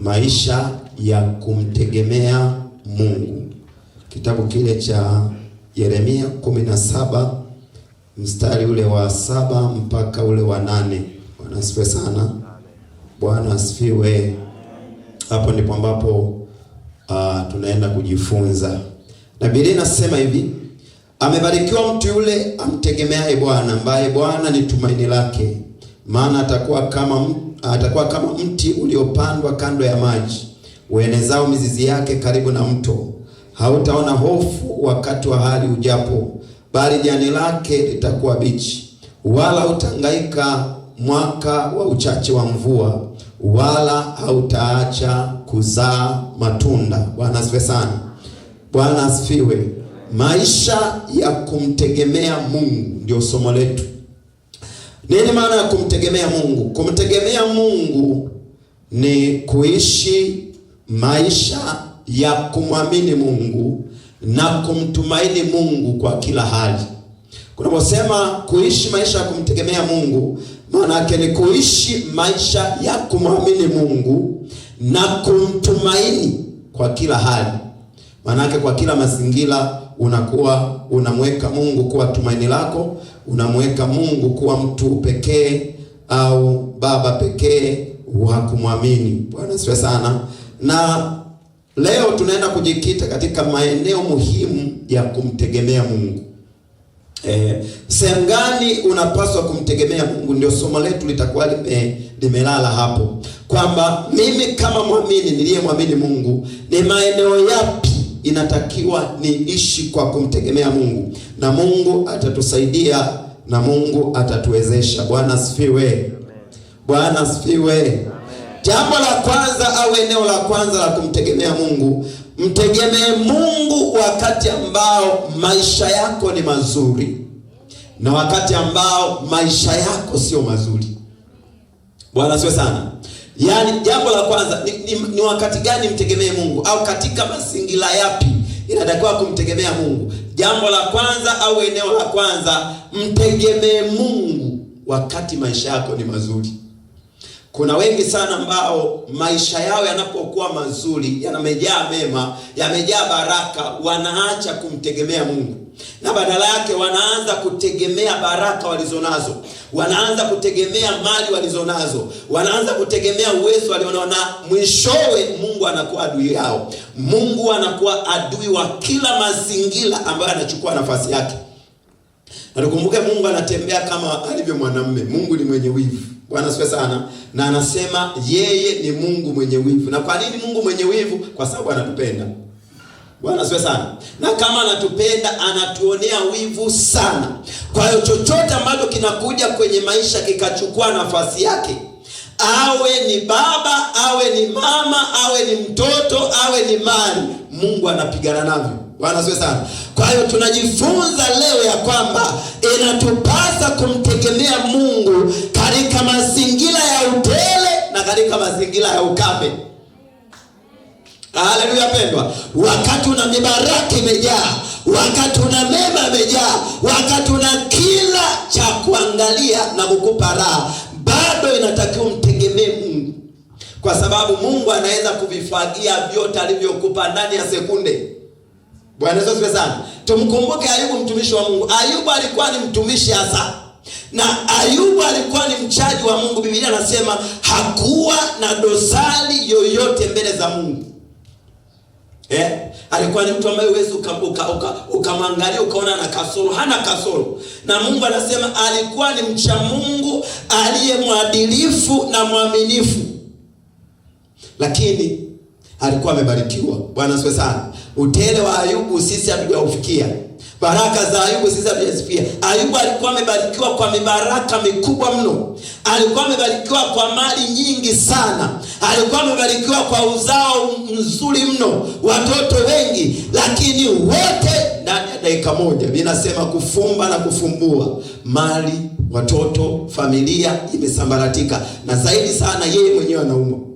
maisha ya kumtegemea Mungu, kitabu kile cha Yeremia 17 mstari ule wa saba mpaka ule wa nane. Bwana asifiwe sana, Bwana asifiwe. Hapo ndipo ambapo uh, tunaenda kujifunza na Biblia inasema hivi, amebarikiwa mtu yule amtegemeaye Bwana, ambaye Bwana ni tumaini lake, maana atakuwa kama mtu atakuwa kama mti uliopandwa kando ya maji, uenezao mizizi yake karibu na mto. Hautaona hofu wakati wa hali ujapo, bali jani lake litakuwa bichi, wala hutangaika mwaka wa uchache wa mvua, wala hautaacha kuzaa matunda. Bwana asifiwe sana. Bwana asifiwe. Maisha ya kumtegemea Mungu ndio somo letu. Nini maana ya kumtegemea Mungu? Kumtegemea Mungu ni kuishi maisha ya kumwamini Mungu na kumtumaini Mungu kwa kila hali. Kunaposema kuishi maisha ya kumtegemea Mungu, maana yake ni kuishi maisha ya kumwamini Mungu na kumtumaini kwa kila hali. Maana yake kwa kila mazingira unakuwa unamweka Mungu kuwa tumaini lako unamweka Mungu kuwa mtu pekee au baba pekee wa kumwamini. Bwana siwe sana. Na leo tunaenda kujikita katika maeneo muhimu ya kumtegemea Mungu. Eh, sehemu gani unapaswa kumtegemea Mungu? Ndio somo letu litakuwa lime limelala hapo, kwamba mimi kama mwamini niliyemwamini Mungu ni maeneo yapi inatakiwa niishi kwa kumtegemea Mungu na Mungu atatusaidia na Mungu atatuwezesha. Bwana asifiwe, Bwana asifiwe. Jambo la kwanza au eneo la kwanza la kumtegemea Mungu, mtegemee Mungu wakati ambao maisha yako ni mazuri na wakati ambao maisha yako sio mazuri. Bwana asifiwe sana. Yaani jambo la kwanza ni, ni, ni wakati gani mtegemee Mungu au katika mazingira yapi inatakiwa kumtegemea Mungu? Jambo la kwanza au eneo la kwanza, mtegemee Mungu wakati maisha yako ni mazuri. Kuna wengi sana ambao maisha yao yanapokuwa mazuri, yamejaa mema, yamejaa baraka, wanaacha kumtegemea Mungu na badala yake wanaanza kutegemea baraka walizonazo, wanaanza kutegemea mali walizonazo, wanaanza kutegemea uwezo walionao, na mwishowe Mungu anakuwa adui yao. Mungu anakuwa adui wa kila mazingira ambayo anachukua nafasi yake. Na tukumbuke Mungu anatembea kama alivyo mwanamume. Mungu ni mwenye wivu. Bwana asifiwe sana. Na anasema yeye ni Mungu mwenye wivu. Na kwa nini Mungu mwenye wivu? Kwa sababu anatupenda. Bwana asifiwe sana. Na kama anatupenda, anatuonea wivu sana. Kwa hiyo chochote ambacho kinakuja kwenye maisha kikachukua nafasi yake, awe ni baba, awe ni mama, awe ni mtoto, awe ni mali, Mungu anapigana navyo. Bwana asifiwe sana. Kwa hiyo tunajifunza leo ya kwamba inatupasa kumtegemea Mungu katika mazingira ya utele na katika mazingira ya ukame. Haleluya pendwa, wakati una mibaraka imejaa, wakati una mema imejaa, wakati una kila cha kuangalia na kukupa raha, bado inatakiwa umtegemee Mungu, kwa sababu Mungu anaweza kuvifagia vyote alivyokupa ndani ya sekunde. Bwana Yesu asifiwe sana. Tumkumbuke Ayubu, mtumishi wa Mungu. Ayubu alikuwa ni mtumishi hasa na Ayubu alikuwa ni mchaji wa Mungu. Biblia anasema hakuwa na dosari yoyote mbele za Mungu. Eh, alikuwa ni mtu ambaye huwezi ukamwangalia ukaona na kasoro, hana kasoro. Na Mungu anasema alikuwa ni mcha Mungu aliye mwadilifu na mwaminifu, lakini alikuwa amebarikiwa. Bwana sana. Utele wa Ayubu sisi hatujafikia. Baraka za Ayubu zilizopia. Ayubu alikuwa amebarikiwa kwa mibaraka mikubwa mno, alikuwa amebarikiwa kwa mali nyingi sana, alikuwa amebarikiwa kwa uzao mzuri mno, watoto wengi, lakini wote ndani ya dakika moja. Vinasema kufumba na kufumbua, mali, watoto, familia imesambaratika, na zaidi sana yeye mwenyewe anaumwa.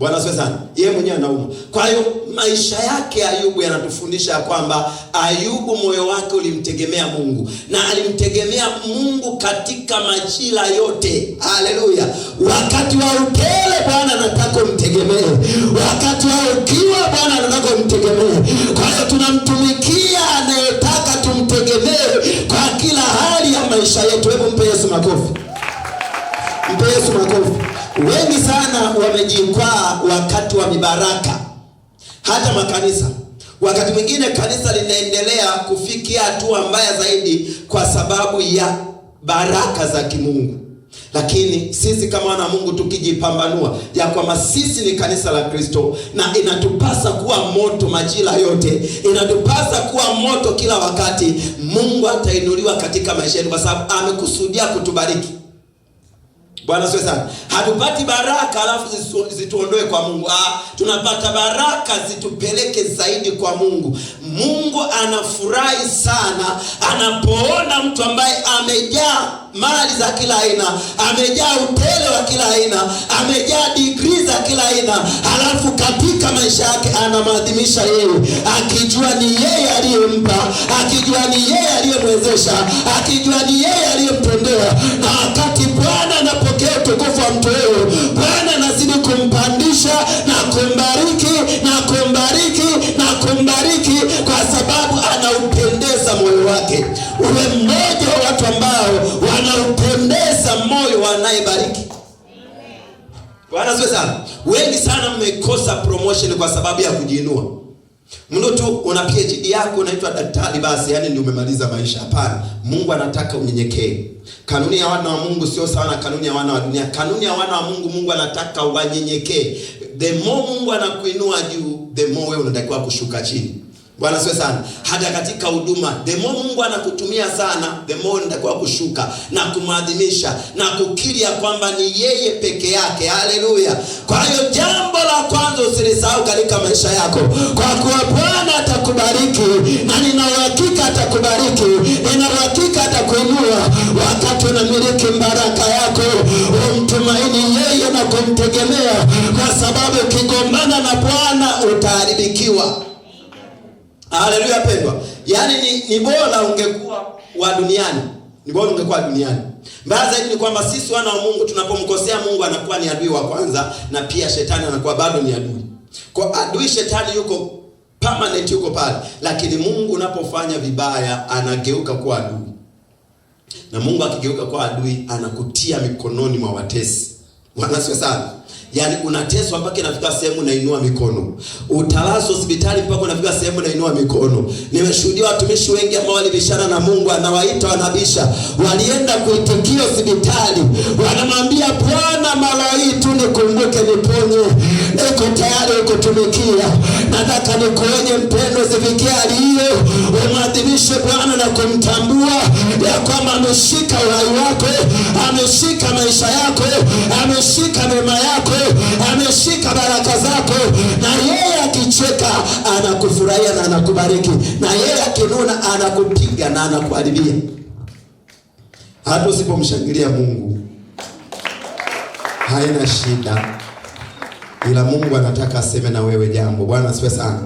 Bwana asifiwe sana. Yeye mwenyewe anauma. Kwa hiyo maisha yake Ayubu yanatufundisha kwamba Ayubu moyo wake ulimtegemea Mungu na alimtegemea Mungu katika majira yote. Haleluya! Wakati wa upele Bwana anataka umtegemee, wakati wa ukiwa Bwana anataka umtegemee. Kwa hiyo tunamtumikia anayetaka tumtegemee kwa kila hali ya maisha yetu. Hebu mpe Yesu makofi, mpe Yesu makofi. Wengi sana wamejikwaa wakati wa mibaraka, hata makanisa. Wakati mwingine kanisa linaendelea kufikia hatua mbaya zaidi kwa sababu ya baraka za kimungu. Lakini sisi kama wana Mungu tukijipambanua ya kwamba sisi ni kanisa la Kristo na inatupasa kuwa moto majira yote, inatupasa kuwa moto kila wakati, Mungu atainuliwa katika maisha yetu kwa sababu amekusudia kutubariki. Bwana sio sana. Hatupati baraka alafu zituondoe kwa Mungu. Ah, tunapata baraka zitupeleke zaidi kwa Mungu. Mungu anafurahi sana anapoona mtu ambaye amejaa mali za kila aina, amejaa utele wa kila aina, amejaa degree za kila aina, alafu katika maisha yake anamadhimisha yeye, akijua ni yeye aliyempa, akijua ni yeye aliyemwezesha, akijua ni yeye aliyemtendea wake, uwe mmoja wa watu ambao wanaopendeza moyo wanayebariki. Bwana asifiwe sana. Wengi sana mmekosa promotion kwa sababu ya kujiinua. Mno tu una PhD yako unaitwa daktari basi, yani ndio umemaliza maisha. Hapana, Mungu anataka unyenyekee. Kanuni ya wana wa Mungu sio sawa na kanuni ya wana wa dunia. Kanuni ya wana wa Mungu, Mungu anataka wanyenyekee. The more Mungu anakuinua juu, the more wewe unatakiwa kushuka chini. Bwana siwe sana, hata katika huduma. The more Mungu anakutumia sana, the more nitakuwa kushuka na kumwadhimisha na kukiri ya kwamba ni yeye peke yake. Haleluya! Kwa hiyo jambo la kwanza usilisahau katika maisha yako, kwa kuwa Bwana atakubariki na nina uhakika atakubariki, nina uhakika atakuinua wakati unamiliki baraka yako. Umtumaini yeye na kumtegemea, kwa sababu ukigombana na Bwana utaharibikiwa. Haleluya pendwa. Yaani ni, ni bora ungekuwa wa duniani. Ni bora ungekuwa duniani. Mbaya zaidi ni kwamba sisi wana wa Mungu tunapomkosea Mungu anakuwa ni adui wa kwanza na pia shetani anakuwa bado ni adui. Kwa adui shetani yuko permanent yuko pale, lakini Mungu unapofanya vibaya anageuka kuwa adui. Na Mungu akigeuka kuwa adui anakutia mikononi mwa watesi. Mwanasiwe sana. Yaani unateswa mpaka inafika sehemu nainua mikono, utalazwa hospitali mpaka unafika sehemu nainua mikono. Nimeshuhudia watumishi wengi ambao walibishana na Mungu, anawaita wanabisha, walienda kuitukia hospitali, wanamwambia Bwana, mara hii tu nikumbuke, niponye, niko tayari kutumikia, nataka nikuonye mpendo, zifikia hali hiyo, umwadhimishe Bwana na kumtambua ya kwamba ameshika uhai wako, ameshika maisha yako, ameshika mema yako ameshika baraka zako, na yeye akicheka anakufurahia na anakubariki, na yeye akinuna anakupiga na anakuharibia. Hata usipomshangilia Mungu haina shida, ila Mungu anataka aseme na wewe jambo. Bwana asifiwe sana.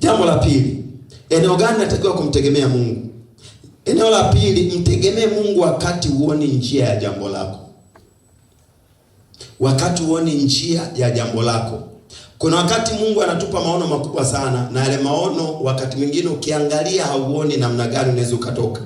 Jambo la pili, eneo gani natakiwa kumtegemea Mungu? Eneo la pili, mtegemee Mungu wakati huoni njia ya jambo lako wakati huoni njia ya jambo lako. Kuna wakati Mungu anatupa maono makubwa sana, na yale maono wakati mwingine ukiangalia hauoni namna gani unaweza ukatoka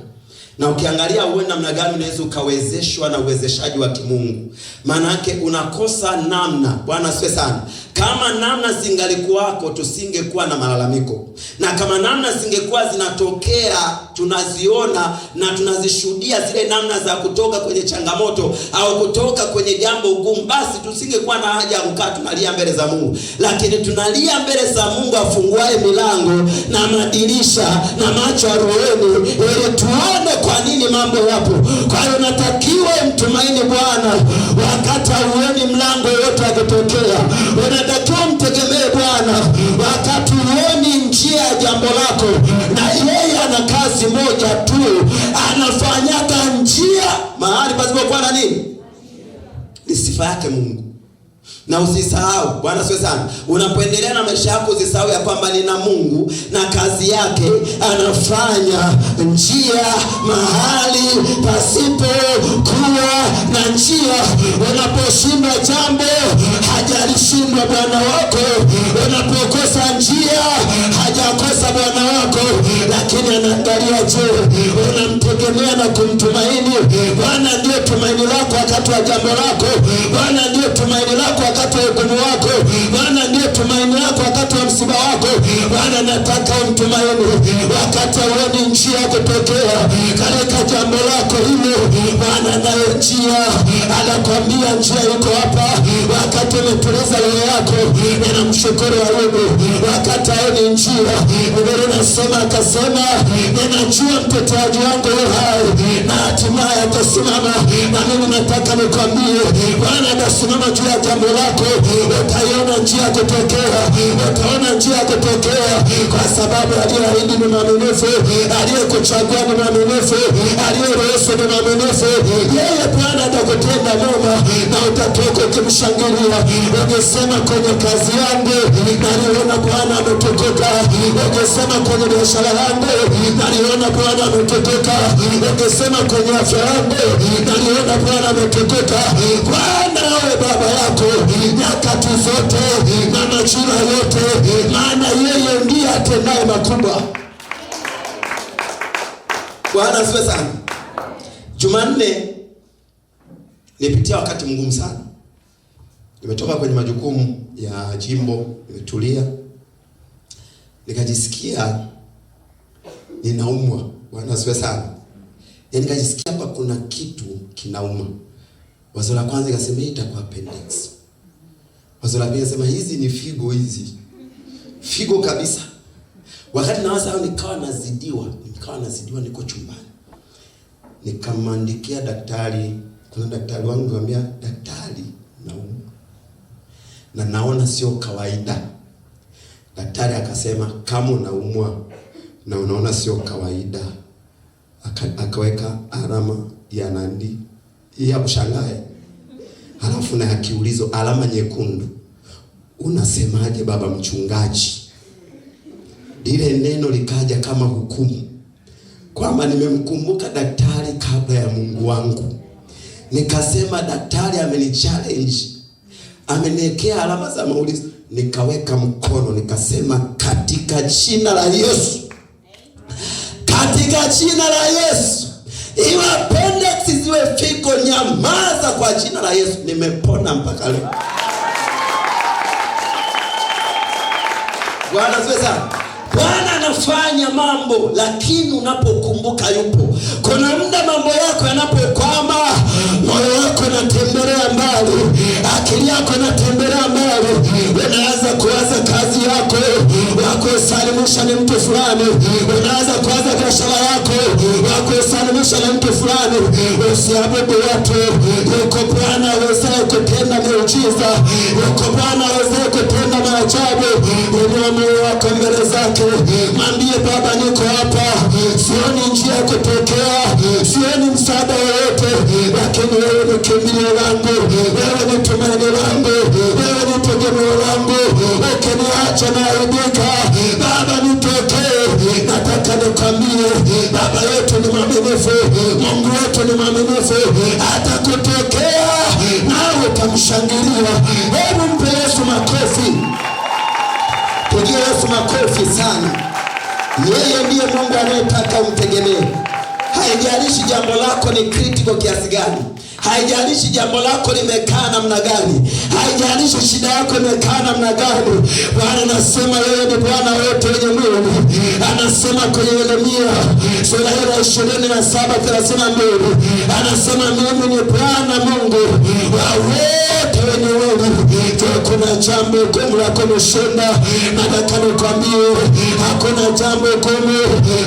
na ukiangalia uwe namna gani unaweza ukawezeshwa na uwezeshaji wa kimungu. Maana yake unakosa namna. Bwana asifiwe sana. Kama namna zingalikuwako, tusingekuwa na malalamiko, na kama namna zingekuwa zinatokea, tunaziona na tunazishuhudia zile namna za kutoka kwenye changamoto au kutoka kwenye jambo gumu, basi tusingekuwa na haja ya kukaa tunalia mbele za Mungu. Lakini tunalia mbele za Mungu afunguaye milango na madirisha na macho ya rohoni ili tuone kwa nini mambo yapo. Kwa hiyo natakiwa mtumaini Bwana wakati auoni mlango yote akitokea, unatakiwa mtegemee Bwana wakati uoni njia ya jambo lako, na yeye ana kazi moja tu, anafanyaga njia mahali pasipokuwa na nini, ni sifa yake Mungu na usisahau Bwana sio sana. Unapoendelea na maisha yako usisahau ya kwamba nina Mungu na kazi yake anafanya njia mahali pasipo kuwa na njia. Unaposhindwa jambo, hajalishindwa Bwana wako. Unapokosa njia, hajakosa Bwana wako, lakini anaangalia, je, unamtegemea na kumtumaini Bwana? Ndiyo tumaini lako wakati wa jambo lako. Bwana ndiyo tumaini lako wakati wa ugumu wako. Bwana ndiye tumaini lako wakati wa msiba wako. Bwana nataka umtumaini wakati auoni njia ya kutokea katika jambo lako hilo. Bwana nayo njia anakwambia, njia iko hapa. Wakati umetuliza roho yako, ninamshukuru Mungu. Wakati auoni njia, Biblia inasema akasema, ninajua mtetaji wangu yu hai na hatimaye atasimama. Na mimi nataka nikwambie, Bwana atasimama juu ya jambo lako yako, utaiona njia ya kutokea, utaona njia ya kutokea, kwa sababu aliyeahidi ni mwaminifu, aliyekuchagua ni mwaminifu, aliyeruhusu ni mwaminifu. Yeye Bwana atakutenda mema na utatoka ukimshangilia, Ungesema kwenye kazi yangu naliona Bwana ametukuka, ungesema kwenye biashara yangu naliona Bwana ametukuka, ungesema kwenye afya yangu naliona Bwana ametukuka. Bwana baba yako nyakati zote na majira yote, maana yeye ndiye atendaye makubwa. Bwana asifiwe sana. Jumanne nipitia wakati mgumu sana, nimetoka kwenye majukumu ya jimbo, nimetulia, nikajisikia ninaumwa. Bwana asifiwe sana. Yaani nikajisikia hapa kuna kitu kinauma Wazo la kwanza ikasema hii itakuwa appendix. Wazo la pili ikasema hizi ni figo hizi. Figo kabisa. Wakati na wasa nikawa nazidiwa, nikawa nazidiwa niko chumbani. Nikamandikia daktari, kuna daktari wangu nikamwambia daktari naumwa. Na naona sio kawaida. Daktari akasema kama unaumwa na unaona sio kawaida, akaweka alama ya nandi hii ya kushangae, halafu na kiulizo, alama nyekundu. Unasemaje baba mchungaji? Lile neno likaja kama hukumu kwamba nimemkumbuka daktari kabla ya Mungu wangu. Nikasema daktari amenichallenge, ameniwekea alama za maulizo. Nikaweka mkono nikasema, katika jina la Yesu, katika jina la Yesu iwe appendix ziwe figo, nyamaza kwa jina la Yesu, nimepona mpaka leo. Bwana siwe sana Bwana anafanya mambo, lakini unapokumbuka yupo. Kuna muda mambo yako yanapokwama, moyo wako unatembelea mbali, akili yako inatembelea mbali, unaanza kuwaza kazi yako, wakosalimisha ni mtu fulani, unaanza kuwaza biashara yako, wakosalimisha ni mtu fulani. Usiabudu watu, yuko Bwana awezaye kutenda miujiza, yuko Bwana awezaye kutenda maajabu. Inua moyo wako mbele zake mwambie Baba, niko hapa, sioni njia ya kutokea, sioni msaada wowote, lakini wewe ni kimbilio langu, wewe ni tumaini langu, wewe ni tegemeo langu. Ukiniacha naharibika. Baba, nitokee. Nataka nikwambie, Baba yetu ni mwaminifu, Mungu wetu ni mwaminifu, atakutokea nawe utamshangilia. sana. Yeye ndiye Mungu anayetaka umtegemee. Haijalishi jambo lako ni kritiko kiasi gani, haijalishi jambo lako limekaa namna gani, haijalishi shida yako imekaa namna gani. Bwana anasema yeye ni Bwana wote wenye nguvu. Anasema kwenye Yeremia sura ya ishirini na saba thelathini na mbili anasema mimi ni Bwana Mungu wawe tena wewe, kuna jambo gumu lako mshinda. Nataka nikwambie hakuna jambo gumu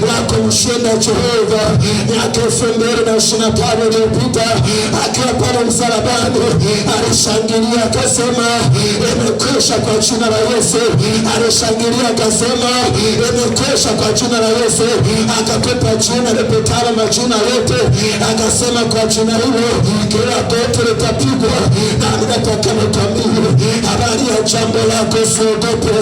lako mshinda Jehova. Miaka elfu mbili na ishirini na tano iliyopita akiwa pale msalabani alishangilia akasema, imekwisha kwa jina la Yesu. Alishangilia akasema, imekwisha kwa jina la Yesu. Akakupa jina lipitalo majina yote, akasema kwa jina hilo kila goti litapigwa na atakalotambia habari ya jambo lako, usiogope.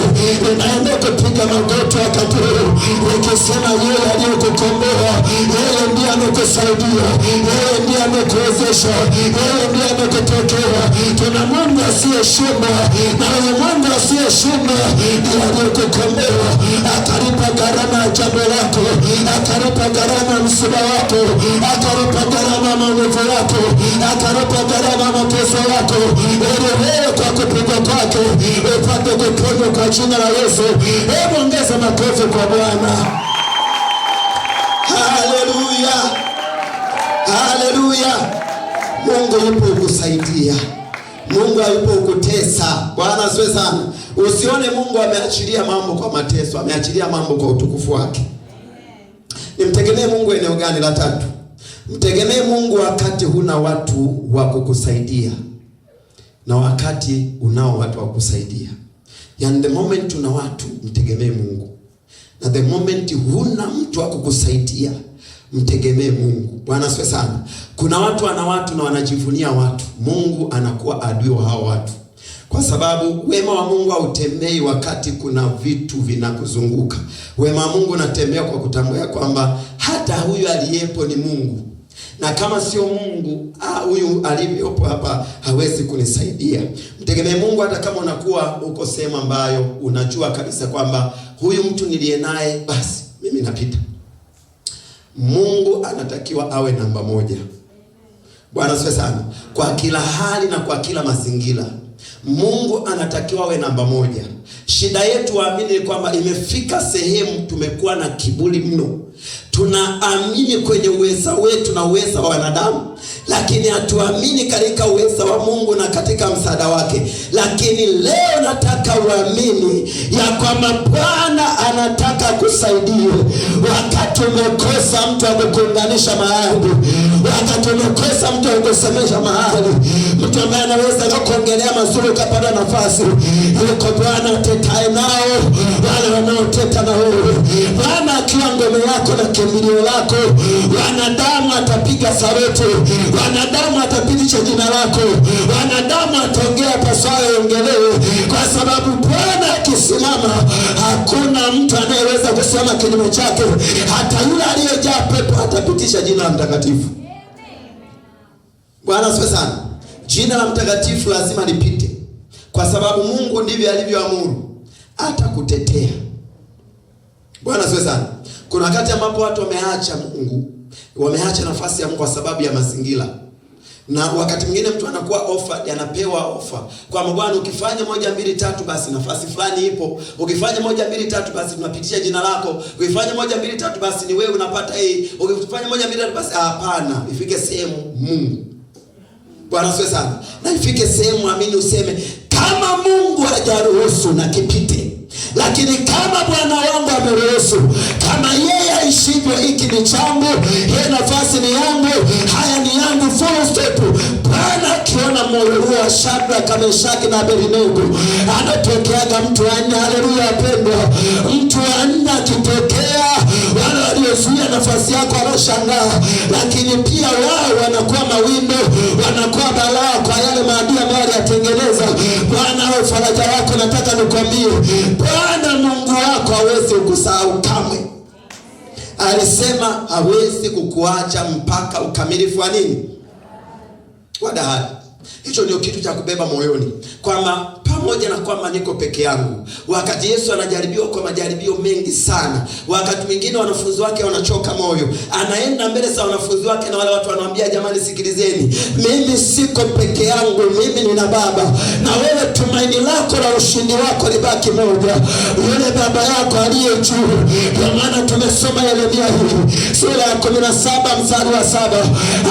Unaenda kupiga magoti wakati huu ukisema, yeye aliyokukomboa, yeye ndiye amekusaidia, yeye ndiye amekuwezesha, yeye ndiye amekutokea. Tuna Mungu asiyeshindwa, na huyo Mungu asiyeshindwa ndiye aliyekukomboa, atalipa gharama ya jambo lako, atalipa gharama msiba wako, atalipa gharama ya maumivu yako, atalipa gharama ya mateso yako. Leo kwa kupigwa kwake upate kuponywa kwa jina la Yesu. Hebu ongeza makofi kwa Bwana. Haleluya, haleluya. Mungu yupo kukusaidia. Mungu hayupo kukutesa. Bwana asiwe sana. Usione Mungu ameachilia mambo kwa mateso, ameachilia mambo kwa utukufu wake. Nimtegemee Mungu eneo gani la tatu? Mtegemee Mungu wakati huna watu wa kukusaidia na wakati unao watu wa kusaidia. Yani, the moment una watu, mtegemee Mungu, na the moment huna mtu wa kukusaidia, mtegemee Mungu. Bwana sifa sana. Kuna watu ana watu na wanajivunia watu, Mungu anakuwa adui wa hao watu kwa sababu wema wa Mungu hautembei wakati kuna vitu vinakuzunguka. Wema wa Mungu unatembea kwa kutambua kwamba hata huyu aliyepo ni Mungu na kama sio Mungu ah, huyu alivyopo hapa hawezi kunisaidia. Mtegemee Mungu hata kama unakuwa uko sehemu ambayo unajua kabisa kwamba huyu mtu niliye naye, basi mimi napita. Mungu anatakiwa awe namba moja. Bwana sifa sana. Kwa kila hali na kwa kila mazingira, Mungu anatakiwa awe namba moja. Shida yetu waamini ni kwamba imefika sehemu tumekuwa na kiburi mno tunaamini kwenye uweza wetu na uweza wa wanadamu, lakini hatuamini katika uweza wa Mungu na katika msaada wake. Lakini leo nataka uamini ya kwamba Bwana anataka kusaidia. Wakati umekosa mtu wa kukuunganisha mahali, wakati umekosa mtu wa kukusemesha mahali, mtu ambaye anaweza kukuongelea mazuri ukapata nafasi, yuko Bwana atetaye nao wale wanaoteta na wewe. Bwana akiwa ngome yako na kimbilio lako. Wanadamu atapiga sarete, wanadamu atapitisha jina lako, wanadamu ataongea pasayo ongelewe, kwa sababu Bwana akisimama hakuna mtu anayeweza kusema kinyume chake. Hata yule aliyejaa pepo atapitisha jina la mtakatifu. Bwana asifiwe sana. Jina la mtakatifu lazima lipite, kwa sababu Mungu ndivyo alivyoamuru, atakutetea. Bwana asifiwe sana. Kuna wakati ambapo watu wameacha Mungu, wameacha nafasi ya Mungu kwa sababu ya mazingira na wakati mwingine mtu anakuwa ofa, anapewa ofa kwamba bwana, ukifanya moja mbili tatu, basi nafasi fulani ipo. Ukifanya moja mbili tatu, basi tunapitisha jina lako. Ukifanya moja mbili tatu, basi ni wewe unapata hii. Ukifanya moja mbili tatu, basi hapana. Ifike sehemu Mungu, Bwana asiwe sana, na ifike sehemu amini, useme kama Mungu hajaruhusu na kipita lakini kama Bwana wangu ameruhusu, kama yeye aishivyo, hiki ni changu, hii nafasi ni yangu, haya ni yangu, full stop Bwana akiona moyo huo wa Shadraka, Meshaki na Abednego anatokeaga mtu wa nne. Haleluya wapendwa, mtu wa nne akitokea, wale waliozuia nafasi yako wanashangaa, lakini pia wao wanakuwa mawindo, wanakuwa balaa kwa yale maadui ambayo aliyatengeneza. Bwana awe faraja yako. Nataka nikwambie, Bwana Mungu wako hawezi kukusahau kamwe. Alisema hawezi kukuacha mpaka ukamilifu wa nini? Wa dahari. Hicho ndio kitu cha kubeba moyoni kwamba pamoja na kwamba niko peke yangu. Wakati Yesu anajaribiwa kwa majaribio mengi sana, wakati mwingine wanafunzi wake wanachoka moyo, anaenda mbele za wanafunzi wake na wale watu wanamwambia, jamani, sikilizeni, mimi siko peke yangu, mimi nina Baba. Na wewe tumaini lako na ushindi wako libaki moja, yule Baba yako aliye juu. Kwa maana tumesoma Yeremia hii sura ya kumi na saba mstari wa saba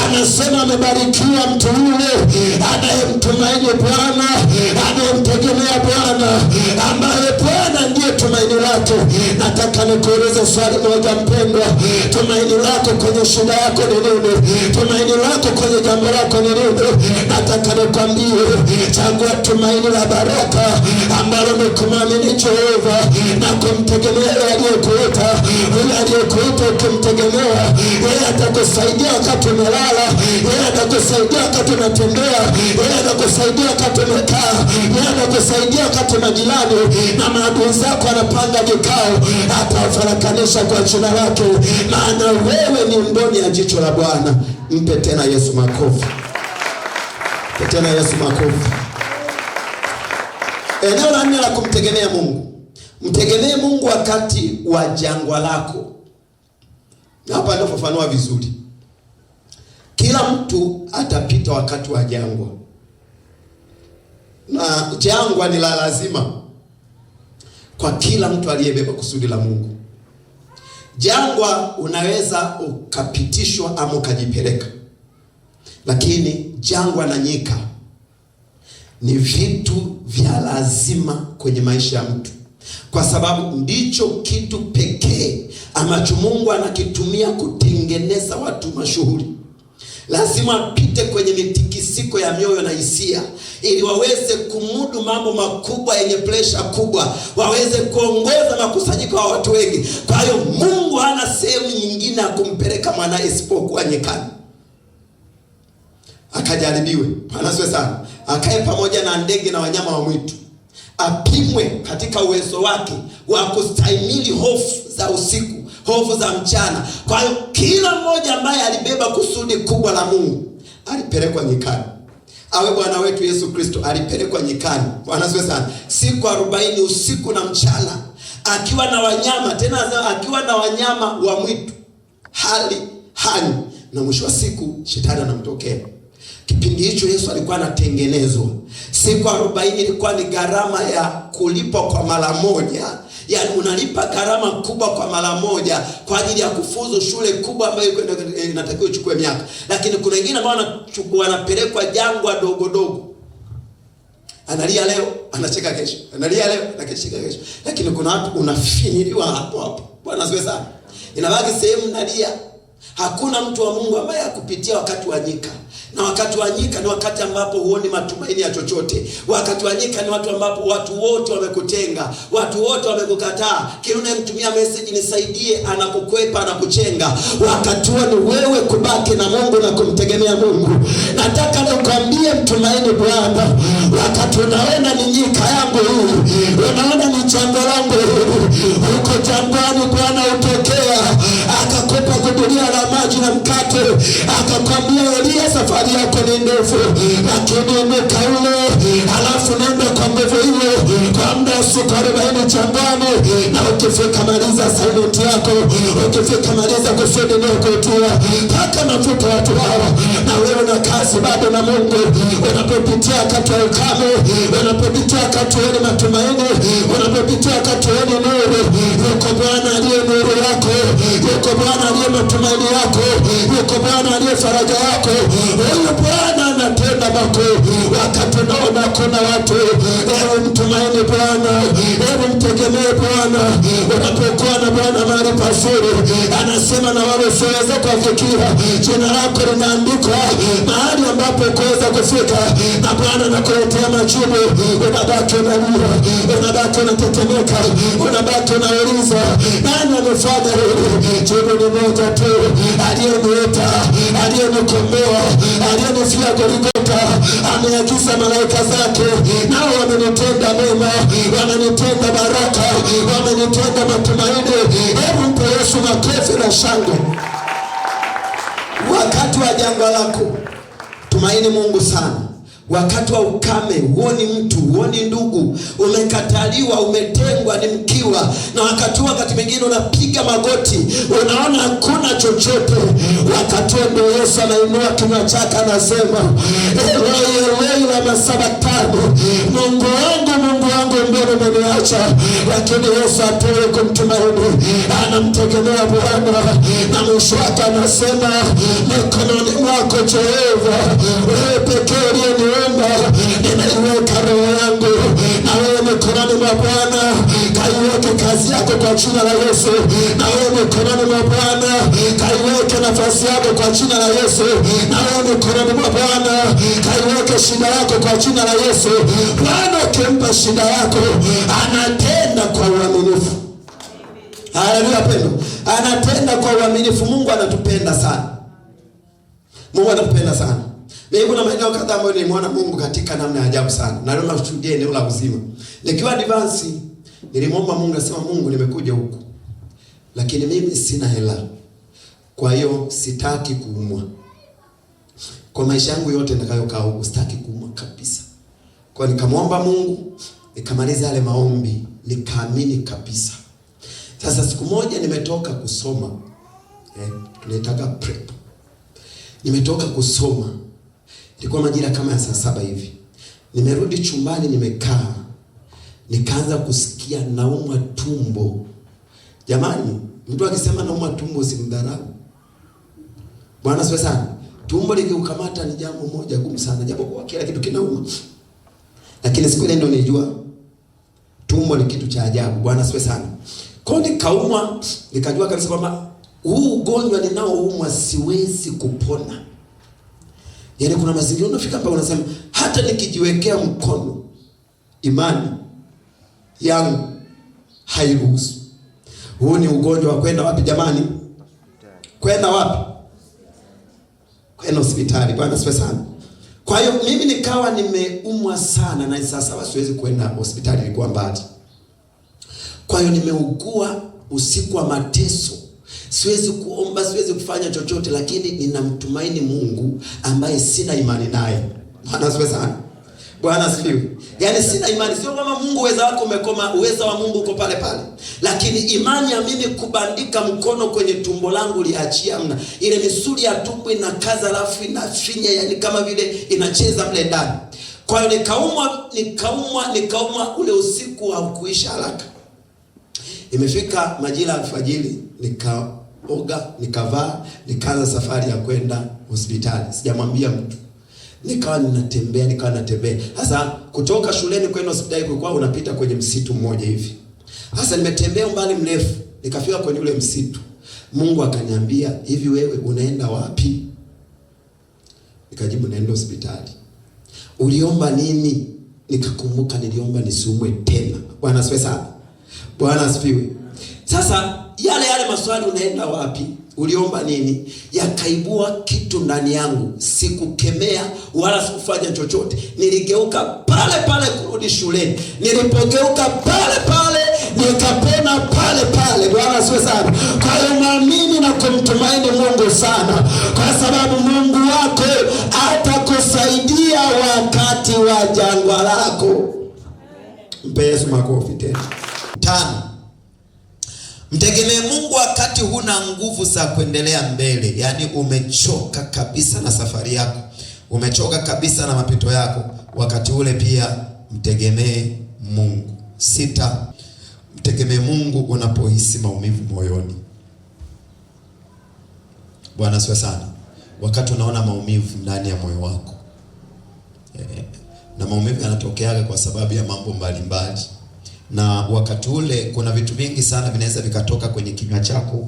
anasema, amebarikiwa mtu yule anayemtumaini Bwana, anayemtumaini kumtegemea Bwana ambaye Bwana ndiye tumaini lake. Nataka nikuulize swali moja mpendwa, tumaini lako kwenye shida yako ni nini? Tumaini lako kwenye jambo lako ni nini? Nataka nikwambie, changua tumaini la baraka ambalo ni kumwamini Jehova na kumtegemea yeye aliyekuita. Yule aliyekuita ukimtegemea yeye atakusaidia wakati umelala, yeye atakusaidia wakati unatembea, yeye atakusaidia wakati umekaa ukisaidia kati majirani na maadui zako anapanga kikao, atawafarakanisha kwa jina lake, maana wewe ni mboni ya jicho la Bwana. Mpe tena Yesu makofi, mpe tena Yesu makofi. Eneo la nne la kumtegemea Mungu, mtegemee Mungu wakati wa jangwa lako. Na Hapa nafafanua vizuri, kila mtu atapita wakati wa jangwa la jangwa ni la lazima kwa kila mtu aliyebeba kusudi la Mungu. Jangwa unaweza ukapitishwa ama ukajipeleka, lakini jangwa na nyika ni vitu vya lazima kwenye maisha ya mtu, kwa sababu ndicho kitu pekee ambacho Mungu anakitumia kutengeneza watu mashuhuri. Lazima apite kwenye miti mitirisiko ya mioyo na hisia, ili waweze kumudu mambo makubwa yenye presha kubwa, waweze kuongoza makusanyiko ya wa watu wengi. Kwa hiyo Mungu hana sehemu nyingine ya kumpeleka mwanaye isipokuwa nyikani, akajaribiwe, anaswe sana, akae pamoja na ndege na wanyama wa mwitu, apimwe katika uwezo wake wa kustahimili hofu za usiku hofu za mchana. Kwa hiyo kila mmoja ambaye alibeba kusudi kubwa la Mungu alipelekwa nyikani. Awe Bwana wetu Yesu Kristo alipelekwa nyikani, Bwana asifiwe sana, siku arobaini usiku na mchana, akiwa na wanyama tena, akiwa na wanyama wa mwitu hali hani, na mwisho wa siku shetani anamtokea. Kipindi hicho Yesu alikuwa anatengenezwa. Siku arobaini ilikuwa ni gharama ya kulipwa kwa mara moja yani unalipa gharama kubwa kwa mara moja kwa ajili ya kufuzu shule kubwa ambayo eh, inatakiwa ichukue miaka, lakini kuna wengine ambao wanapelekwa jangwa dogo dogo analia leo anacheka kesho, analia leo anacheka kesho. Lakini kuna watu unafinyiliwa hapo hapo. Bwana asiwe sana, inabaki sehemu nalia. Hakuna mtu wa Mungu ambaye akupitia wakati wa nyika na wakati wa nyika ni wakati ambapo huoni matumaini ya chochote. Wakati wa nyika ni watu ambapo watu wote wamekutenga, watu wote wamekukataa. Kila unayemtumia message nisaidie, anakukwepa kuchenga. Wakati huo ni wewe kubaki na Mungu na kumtegemea Mungu. Nataka nikwambie, mtumaini Bwana wakati unaona ni nyika yangu hii, unaona ni jangwa langu hili, uko jangwani Bwana na mkate, akakwambia Elia, safari yako ni ndefu, lakini inuka ule. Alafu nenda kwa mbevu hiyo kwa muda wa siku arobaini jangwani, na ukifika maliza sainoti yako, ukifika maliza kusudi niokutia paka mafuta watu hawa. Na wewe na kazi bado na Mungu, unapopitia wakati wa ukame, unapopitia wakati wenye matumaini, unapopitia wakati wenye nuru, yuko Bwana aliye nuru yako, yuko Bwana aliye matumaini yako yuko Bwana aliye faraja yako. Huyu Bwana anatenda makuu wakati unaona hakuna watu. Hebu mtumaini Bwana, hebu mtegemee Bwana. Unapokuwa na Bwana mahali pazuri, anasema na wale usioweza kuwafikia, jina lako linaandikwa mahali ambapo kuweza kufika, na Bwana anakuletea majibu. Unabaki unalia, unabaki unatetemeka, unabaki unauliza nani amefanya hili? Jibu ni moja tu aliyeniita, aliyenikomboa, aliyenifia Golgotha, ameagiza malaika zake, nao wamenitenda mema, wamenitenda baraka, wamenitenda matumaini. Hebu mpe Yesu makofi na shangwe. Wakati wa jangwa lako tumaini Mungu sana Wakati wa ukame huoni mtu, huoni ndugu, umekataliwa, umetengwa, ni mkiwa. Na wakati wakati mwingine unapiga magoti, unaona hakuna chochote. Wakati huo ndio Yesu anainua kinywa chake anasema, la masabatano, Mungu wangu, Mungu wangu, mbona umeniacha? Lakini Yesu atoe kumtumaini, anamtegemea Bwana, na mwisho wake anasema, mikononi mwako Jehova, wewe pekee Bwana, nimeiweka roho yangu na wewe mikononi mwa Bwana. Kaiweke kazi yako kwa jina la Yesu, na wewe mikononi mwa Bwana. Kaiweke nafasi yako kwa jina la Yesu, na wewe mikononi mwa Bwana. Kaiweke shida yako kwa jina la Yesu. Bwana ukimpa shida yako anatenda kwa uaminifu. Haleluya pendo, anatenda kwa uaminifu. Mungu anatupenda sana, Mungu anatupenda sana Biblia eh, na maeneo kadhaa ambayo nilimwona Mungu katika namna ya ajabu sana. Na niliona kushuhudia eneo la uzima. Nikiwa advance nilimwomba Mungu asema, Mungu, nimekuja huku. Lakini mimi sina hela. Kwa hiyo sitaki kuumwa. Kwa maisha yangu yote nitakayokaa huku sitaki kuumwa kabisa. Kwa nikamwomba Mungu, nikamaliza yale maombi, nikaamini kabisa. Sasa siku moja nimetoka kusoma. Eh, tunaitaga prep. Nimetoka kusoma Ilikuwa majira kama ya saa saba hivi, nimerudi chumbani, nimekaa nikaanza kusikia naumwa tumbo. Jamani, mtu akisema naumwa tumbo simdharau. Bwana siwe sana. Tumbo likiukamata ni jambo moja gumu sana, japo kwa kila kitu kinauma, lakini siku ile ndio nilijua tumbo ni kitu cha ajabu. Bwana siwe sana. Kwa nikaumwa, nikajua kabisa kwamba huu ugonjwa ninaoumwa siwezi kupona Yaani kuna mazingira unafika hapa unasema hata nikijiwekea mkono imani yangu hairuhusu. Huu ni ugonjwa wa kwenda wapi jamani? Kwenda wapi? Kwenda hospitali. Bwana sifa sana. Kwa hiyo mimi nikawa nimeumwa sana na sasa wasiwezi kwenda hospitali, ilikuwa mbali. Kwa hiyo nimeugua usiku wa mateso siwezi kuomba, siwezi kufanya chochote, lakini ninamtumaini Mungu ambaye sina imani naye. Bwana asifiwe sana. Bwana asifiwe. Yaani sina imani, sio kama Mungu uweza wako umekoma, uweza wa Mungu uko pale pale, lakini imani ya mimi kubandika mkono kwenye tumbo langu liachia mna ile misuli ya tumbo inakaza, alafu inafinya, yani kama vile inacheza mle ndani. Kwa hiyo nikaumwa, nikaumwa, nikaumwa, ule usiku haukuisha haraka. Imefika majira ya alfajiri nika oga, nikavaa, nikaanza safari ya kwenda hospitali. Sijamwambia mtu, nikawa ninatembea, nikawa natembea. Sasa kutoka shuleni kwenda hospitali kulikuwa unapita kwenye msitu mmoja hivi. Sasa nimetembea umbali mrefu, nikafika kwenye ule msitu. Mungu akaniambia, hivi wewe unaenda wapi? Nikajibu, naenda hospitali. Uliomba nini? Nikakumbuka niliomba nisiumwe tena. Bwana asifiwe sana. Bwana asifiwe. Sasa yale yale maswali, unaenda wapi? Uliomba nini? Yakaibua kitu ndani yangu. Sikukemea wala sikufanya chochote, niligeuka pale pale kurudi shuleni. Nilipogeuka pale pale nikapena pale pale. Bwana siwe sana. Kwa hiyo naamini na kumtumaini Mungu sana, kwa sababu Mungu wako atakusaidia wakati wa jangwa lako. Mpe Yesu makofi tena. Tano. Mtegemee Mungu wakati huna nguvu za kuendelea mbele, yaani umechoka kabisa na safari yako, umechoka kabisa na mapito yako. Wakati ule pia mtegemee Mungu. Sita, mtegemee Mungu unapohisi maumivu moyoni. Bwana asifiwe sana. Wakati unaona maumivu ndani ya moyo wako, eh, na maumivu yanatokeaga kwa sababu ya mambo mbalimbali mbali na wakati ule kuna vitu vingi sana vinaweza vikatoka kwenye kinywa chako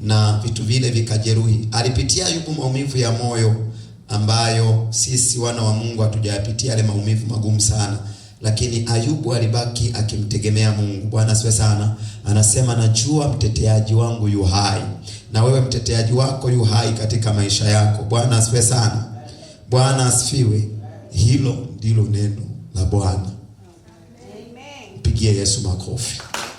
na vitu vile vikajeruhi. Alipitia Ayubu maumivu ya moyo ambayo sisi wana wa Mungu hatujayapitia yale maumivu magumu sana, lakini Ayubu alibaki akimtegemea Mungu. Bwana asiwe sana. Anasema, najua mteteaji wangu yu hai, na wewe mteteaji wako yu hai katika maisha yako. Bwana asiwe sana. Bwana asifiwe. Hilo ndilo neno la Bwana. Begier Jesu Mark Hof.